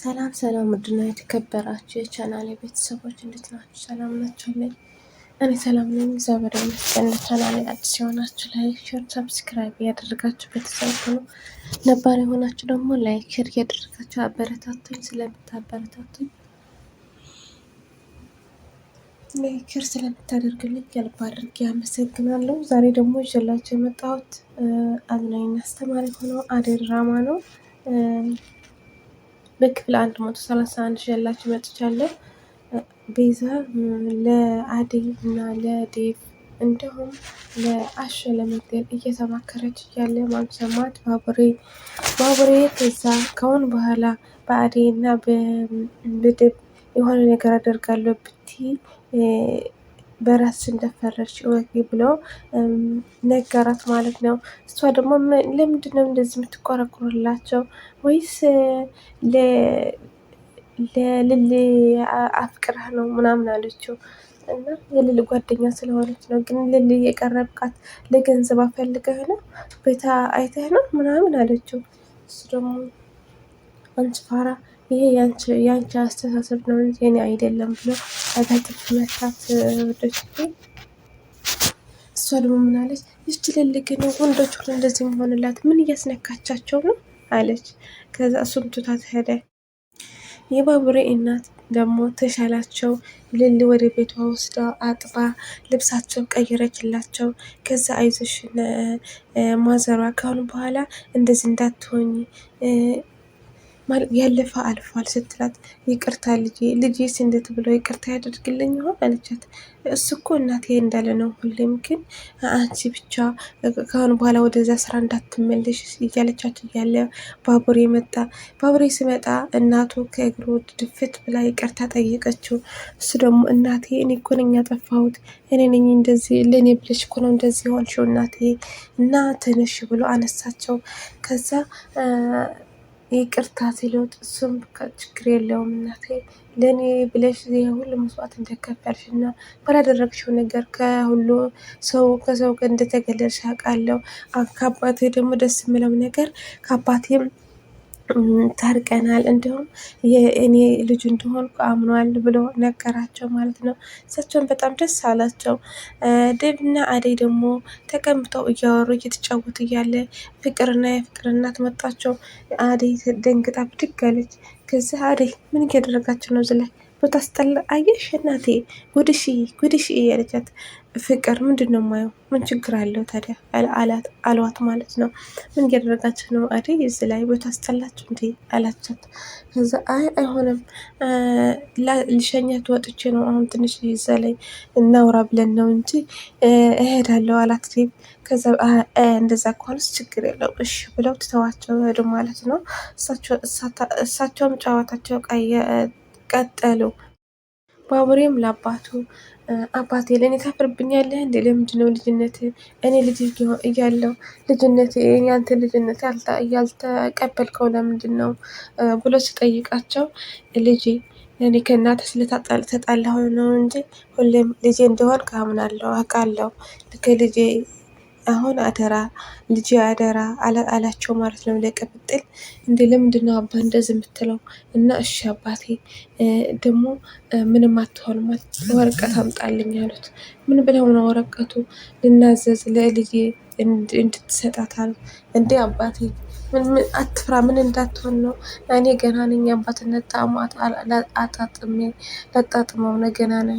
ሰላም ሰላም፣ ውድና የተከበራችሁ የቻናል ቤተሰቦች እንዴት ናችሁ? ሰላም ናቸው ላይ እኔ ሰላም ነኝ፣ እግዚአብሔር ይመስገን። ቻናል አዲስ የሆናችሁ ላይክ፣ ሼር፣ ሰብስክራይብ እያደረጋችሁ ቤተሰብ ነው። ነባር የሆናችሁ ደግሞ ላይክ፣ ሼር እያደረጋችሁ አበረታቱኝ። ስለምታበረታቱኝ ላይክ፣ ሼር ስለምታደርግልኝ ከልብ አድርጌ አመሰግናለሁ። ዛሬ ደግሞ ይዤላችሁ የመጣሁት አዝናኝና አስተማሪ ሆነው አደይ ድራማ ነው። በክፍል 131 ሸላች መጥቻለሁ። ቤዛ ለአደይ እና ለዴቭ እንዲሁም ለአሸ ለመግደል እየተማከረች እያለ ማምሰማት ባቡሬ ባቡሬ ከዛ ከአሁን በኋላ በአደይ እና በድብ የሆነ ነገር አደርጋለሁ ብቲ በራስሽ እንደፈረድሽ እወቂ ብሎ ነገራት ማለት ነው። እሷ ደግሞ ለምንድን ነው እንደዚህ የምትቆረቁርላቸው? ወይስ ለልል አፍቅራህ ነው ምናምን አለችው። እና የልል ጓደኛ ስለሆነች ነው። ግን ልል የቀረብካት ለገንዘብ አፈልገህ ነው ቤታ አይተህ ነው ምናምን አለችው። እሱ ደግሞ አንቺ ፋራ ይሄ የአንቺ አስተሳሰብ ነው እንጂ እኔ አይደለም ብሎ አጋጥፍ መታት ወዶች እሷ ደግሞ ምን አለች? ይች ልልግ ነው ወንዶች ሁሉ እንደዚህ መሆንላት ምን እያስነካቻቸው ነው አለች። ከዛ እሱን ትቷት ሄደ። የባቡሬ እናት ደግሞ ተሻላቸው ልል ወደ ቤቷ ወስዳ አጥባ ልብሳቸው ቀይረችላቸው። ከዛ አይዞሽ ማዘሯ ካሁን በኋላ እንደዚህ እንዳትሆኝ ያለፈ አልፏል ስትላት ይቅርታ ልጄ ልጄስ ስንደት ብሎ ይቅርታ ያደርግልኝ ይሆን አለቻት። እሱ እኮ እናቴ እንዳለ ነው ሁሌም፣ ግን አንቺ ብቻ ከአሁን በኋላ ወደዛ ስራ እንዳትመለሽ እያለቻት እያለ ባቡሬ መጣ። ባቡሬ ስመጣ እናቱ ከእግሩ ድፍት ብላ ይቅርታ ጠየቀችው። እሱ ደግሞ እናቴ እኔ እኮ ነኝ ያጠፋሁት፣ እኔ ነኝ እንደዚህ ለእኔ ብለሽ እኮ ነው እንደዚህ ሆንሽው እናቴ እና ተነሽ ብሎ አነሳቸው ከዛ ይቅርታ ሲሉት እሱም ችግር የለውም እናቴ ለእኔ ብለሽ ሁሉ መስዋዕት እንደከፈልሽ እና ባላደረግሽው ነገር ከሁሉ ሰው ከሰው እንደተገለልሽ አውቃለሁ። ከአባቴ ደግሞ ደስ የምለው ነገር ከአባቴም ታርቀናል፣ እንዲሁም የእኔ ልጅ እንደሆንኩ አምኗል ብሎ ነገራቸው ማለት ነው። እሳቸውን በጣም ደስ አላቸው። ዴቭና አደይ ደግሞ ተቀምጠው እያወሩ እየተጫወቱ እያለ ፍቅርና የፍቅር እናት መጣቸው። አደይ ደንግጣ ብድግ አለች። ከዚህ አደይ ምን እያደረጋቸው ነው ዝላይ ብታስጠላ አየሽ እናቴ ጉድሽ ጉድሽ እያለቻት ፍቅር ምንድን ነው የማየው? ምን ችግር አለው ታዲያ አሏት ማለት ነው። ምን እያደረጋችሁ ነው አደይ እዚ ላይ ቦታ አስጠላችሁ እንዴ አላቻት። ከዛ አይ አይሆንም ልሸኛት ወጥቼ ነው አሁን ትንሽ እዛ ላይ እናውራ ብለን ነው እንጂ እሄዳለሁ አላት። ከዛ እንደዛ ከሆነስ ችግር የለው እሺ ብለው ትተዋቸው ሄዱ ማለት ነው። እሳቸውም ጨዋታቸው ቀየ ቀጠሉ። ባቡሬም ለአባቱ አባቴ ለእኔ ታፍርብኛለህ እንዴ? ለምንድን ነው ልጅነት እኔ ልጅ እያለው ልጅነት ያንተ ልጅነት ያልተቀበልከው ለምንድን ነው ብሎ ስጠይቃቸው ልጅ እኔ ከእናተ ስለተጣላሁ ነው እንጂ ሁሌም ልጄ እንደሆን ካምናለሁ አውቃለሁ ልክ ልጄ አሁን አደራ ልጅ አደራ አላቸው ማለት ነው። ለቅብጥል እንደ ለምንድን ነው አባ እንደዚህ የምትለው? እና እሺ አባቴ ደግሞ ምንም አትሆን ማለት ወረቀት አምጣልኝ አሉት። ምን ብለው ነው ወረቀቱ? ልናዘዝ ለልጅ እንድትሰጣታል። እንዴ አባቴ ምን አትፍራ፣ ምን እንዳትሆን ነው? እኔ ገና ነኝ። አባትነት ጣዕሙ አጣጥሜ ላጣጥመው ነው ገና ነው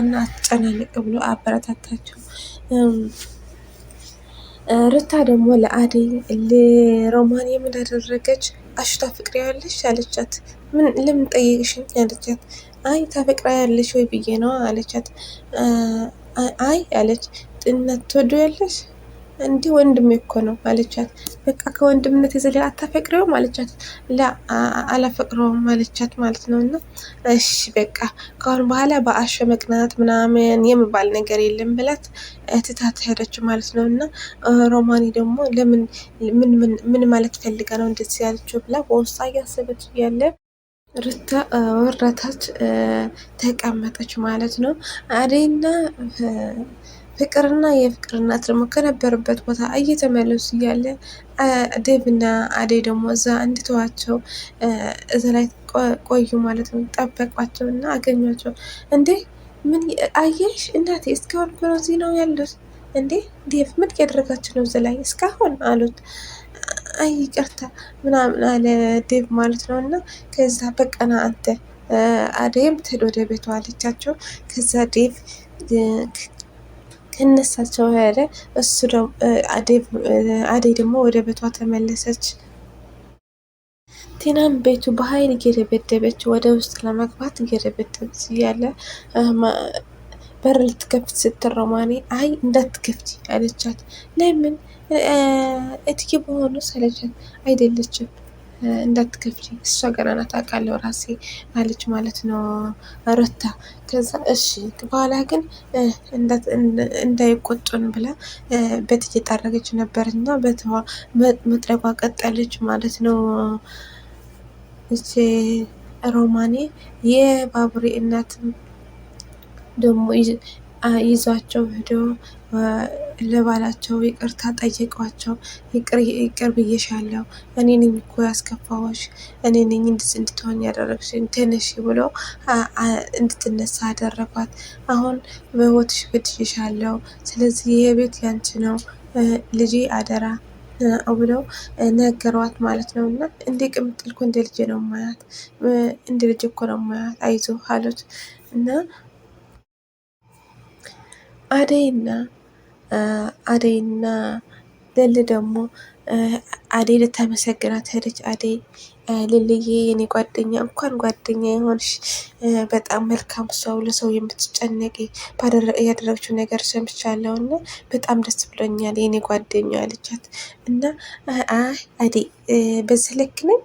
እና አትጨናነቅ ብሎ አበረታታቸው። ርታ ደግሞ ለአደይ ለሮማን የምን አደረገች? አሽታ ፍቅር ያለሽ አለቻት። ምን ለምን ጠየቅሽኝ አለቻት። አይ ታፈቅራ ያለሽ ወይ ብዬ ነው አለቻት። አይ አለች። ጥነት ትወዱ ያለሽ እንዲህ ወንድም እኮ ነው ማለቻት። በቃ ከወንድምነት የዘለለ አታፈቅረውም አለቻት። ላ አላፈቅረውም አለቻት ማለት ነው። እና እሺ በቃ ከአሁን በኋላ በአሸ መቅናት ምናምን የምባል ነገር የለም ብላት ትታት ሄደች ማለት ነው። እና ሮማኒ ደግሞ ለምን ምን ማለት ፈልጋ ነው እንደዚህ ያለችው ብላ በውስጧ እያሰበች እያለ ርታ ወረታች ተቀመጠች ማለት ነው። አደይና ፍቅርና የፍቅር እናት ደግሞ ከነበረበት ቦታ እየተመለሱ እያለ ዴቭ እና አደይ ደግሞ እዛ እንድተዋቸው እዛ ላይ ቆዩ ማለት ነው። ጠበቋቸው እና አገኟቸው። እንዴ ምን አየሽ እናቴ? እስካሁን እኮ ነው እዚህ ነው ያሉት። እንዴ ዴቭ ምን እያደረጋችሁ ነው እዛ ላይ እስካሁን አሉት። አይ ይቅርታ ምናምን አለ ዴቭ ማለት ነው። እና ከዛ በቀና አንተ አደይም ትሄድ ወደ ቤቷ አለቻቸው። ከዛ ዴቭ ከነሳቸው ያለ እሱ አደይ ደግሞ ወደ ቤቷ ተመለሰች። ቲናም ቤቱ በኃይል ገደበደበች። ወደ ውስጥ ለመግባት ገደበደበች እያለ በር ልትከፍት ስትል ሮማኔ አይ እንዳትከፍቲ አለቻት። ለምን እትዬ በሆኑ ሰለቻት አይደለችም እንዳትከፍቺ እሷ ገና ናት ራሴ አለች ማለት ነው ሩታ። ከዛ እሺ በኋላ ግን እንዳይቆጡን ብላ በት እየጠረገች ነበር እና በተዋ መጥረጓ ቀጠለች ማለት ነው እቺ ሮማኔ። የባቡሬ እናት ደግሞ ይዟቸው ሄዶ ለባላቸው ይቅርታ ጠየቋቸው። ይቅር ብዬሻለሁ፣ እኔ ነኝ እኮ ያስከፋዎች፣ እኔ ነኝ እንድት እንድትሆን ያደረግሽ፣ ትንሽ ብሎ እንድትነሳ አደረጓት። አሁን በህይወትሽ በድዬሻለሁ፣ ስለዚህ ይሄ ቤት ያንቺ ነው ልጅ አደራ ብለው ነገሯት ማለት ነው። እና እንደ ቅምጥልኩ እንደ ልጅ ነው ማያት እንደ ልጅ እኮ ነው ማያት አይዞ አሉት እና አደይና አደይና ልል ደግሞ አደይ ልታመሰግናት ሄደች። አደይ ልልዬ የኔ ጓደኛ እንኳን ጓደኛ የሆንሽ በጣም መልካም ሰው፣ ለሰው የምትጨነቂ ያደረግችው ነገር ሰምቻለሁ እና በጣም ደስ ብሎኛል የኔ ጓደኛ አለቻት። እና አደይ በዚህ ልክ ነኝ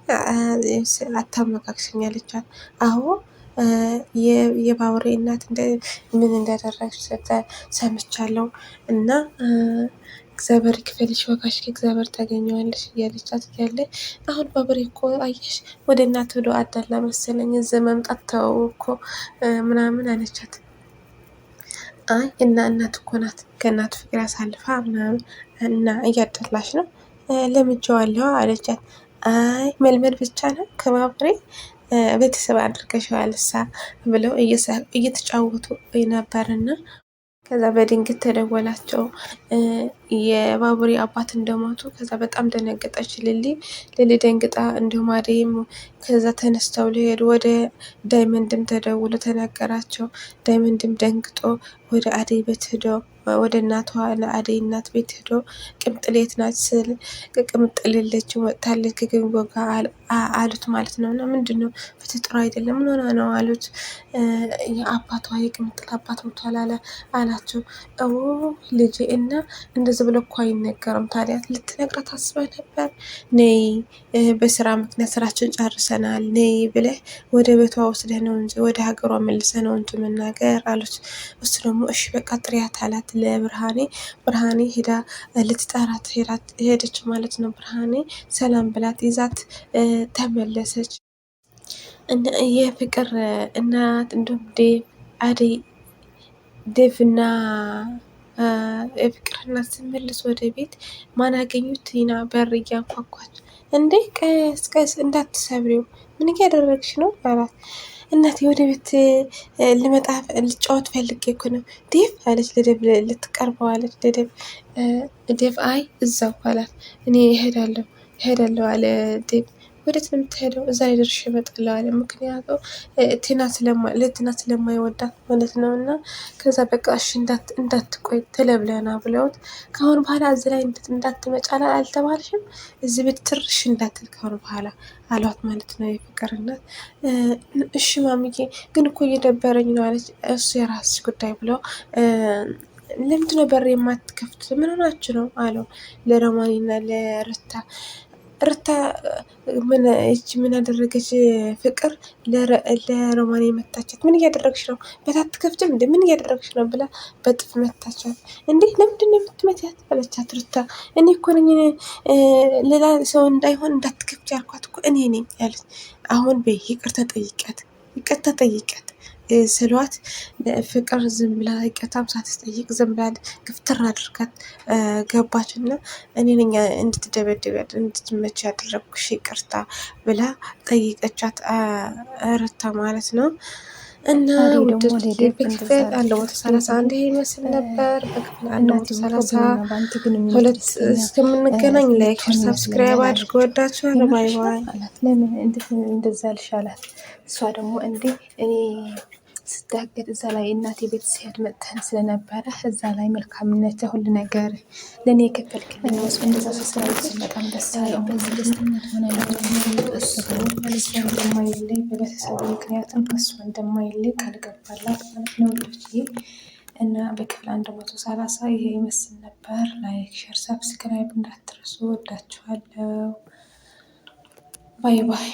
አታመካክሰኝ አለቻት። አዎ የባቡሬ እናት ምን እንዳደረግሽ ሰምቻለሁ እና እግዚአብሔር ይክፈልሽ ወጋሽ ከእግዚአብሔር ታገኘዋለሽ እያለቻት እያለ አሁን ባቡሬ እኮ አየሽ ወደ እናት ወደ አዳላ መሰለኝ እዚህ መምጣት ተወው እኮ ምናምን አለቻት። አይ እና እናት እኮ ናት ከእናት ፍቅር አሳልፋ ምናምን እና እያደላሽ ነው ለምጄዋለሁ አለቻት። አይ መልመድ ብቻ ነው ከባቡሬ ቤተሰብ አድርገሽዋል እሳ ብለው እየተጫወቱ ነበርና ከዛ በድንገት ተደወላቸው። የባቡሪ አባት እንደሞቱ ከዛ በጣም ደነገጠች ልሊ። ልሊ ደንግጣ እንዲሁም አደይም ከዛ ተነስተው ሊሄዱ ወደ ዳይመንድም ተደውሎ ተነገራቸው። ዳይመንድም ደንግጦ ወደ አደይ ቤት ሄዶ ወደ እናቷ ለአደይ እናት ቤት ሄዶ ቅምጥሌት ናት ስል ቅምጥልለች ወጥታለች ከገንጎ አሉት ማለት ነው። እና ምንድን ነው ፍትህ ጥሩ አይደለም ምን ሆነ ነው አሉት። አባቷ የቅምጥል አባት ሞቷል አለ አላቸው። ልጅ እና እንደዚ ብሎ እኮ አይነገርም። ታዲያ ልትነግራት ታስበ ነበር? ነይ በስራ ምክንያት ስራችን ጨርሰናል፣ ነይ ብለህ ወደ ቤቷ ወስደህ ነው እንጂ ወደ ሀገሯ መልሰህ ነው እንጂ መናገር አሉት። እሱ ደግሞ እሺ በቃ ጥሪያት አላት ለብርሃኔ። ብርሃኔ ሄዳ ልትጠራት ሄደች ማለት ነው። ብርሃኔ ሰላም ብላት ይዛት ተመለሰች። የፍቅር እናት እንዲሁም ዴቭ አደይ ዴቭና የፍቅር እናት ስመልስ ወደ ቤት ማን አገኙት? ቲና በር እያንኳኳች እንዴ ቀስ ቀስ እንዳትሰብሪው ምን እያደረግሽ ነው አላት። እናቴ ወደ ቤት ልመጣ ልጫወት ፈልጌ እኮ ነው ዴቭ አለች ለደብ ልትቀርበው አለች ለደብ ዴቭ አይ እዛው አላት። እኔ እሄዳለሁ እሄዳለሁ አለ ዴቭ ወዴት ነው የምትሄደው? እዛ ላይ ደርሼ እመጣለሁ። ምክንያቱም ቲና ስለማይወዳት ማለት ነው። እና ከዛ በቃ እሺ እንዳትቆይ ተለብለና ብለውት ከአሁን በኋላ እዚ ላይ እንዳትመጫላ አልተባልሽም፣ እዚ ቤት ትርሽ እንዳትል ከአሁን በኋላ አሏት ማለት ነው። የፍቅርነት እሺ ማሚዬ ግን እኮ እየደበረኝ ነው አለች። እሱ የራስሽ ጉዳይ ብለው ለምንድነው በር የማትከፍት? ምን ሆናችሁ ነው አለው ለሮማኒና ለርታ እርታ ምን እች ምን አደረገች? ፍቅር ለሮማን መታቻት። ምን እያደረግሽ ነው? በታት ከፍችም እንደ ምን እያደረግሽ ነው ብላ በጥፍ መታቻት። እንዴ ለምንድን ነው የምትመታት? አለቻት ርታ። እኔ እኮ ነኝ ሌላ ሰው እንዳይሆን እንዳትከፍች ያልኳት እኮ እኔ ነኝ ያለች። አሁን በይ ይቅርታ ጠይቂያት፣ ይቅርታ ጠይቂያት ስሏት ፍቅር ዝም ብላ ይቅርታም ሳትጠይቅ ዝም ብላ ግፍትር አድርጋት ገባች እና እኔ ነኝ እንድትደበደብ እንድትመች ያደረግኩሽ ይቅርታ ብላ ጠይቀቻት ረታ ማለት ነው። እና ውድድ በክፍል አንድ መቶ ሰላሳ አንድ ይሄ ይመስል ነበር። በክፍል አንድ መቶ ሰላሳ ሁለት እስከምንገናኝ ላይክ፣ ሸር፣ ሳብስክራይብ አድርጎ ወዳችኋል። ባይ ባይ። ለምን እንደዛ ልሻላት እሷ ደግሞ እንዴ እኔ ስታገድ እዛ ላይ እናቴ ቤት ስሄድ መጥተን ስለነበረ እዛ ላይ መልካምነት ሁሉ ነገር ለእኔ የከፈልክ እንደዛ ስስራችን በጣም ደስ እንደማይለይ በቤተሰቡ ምክንያትም እሱ እንደማይለይ ቃል ገባላት ማለት ነው። እና በክፍል አንድ መቶ ሰላሳ ይሄ ይመስል ነበር። ላይክ ሸር፣ ሰብስክራይብ እንዳትረሱ። ወዳችኋለው። ባይ ባይ።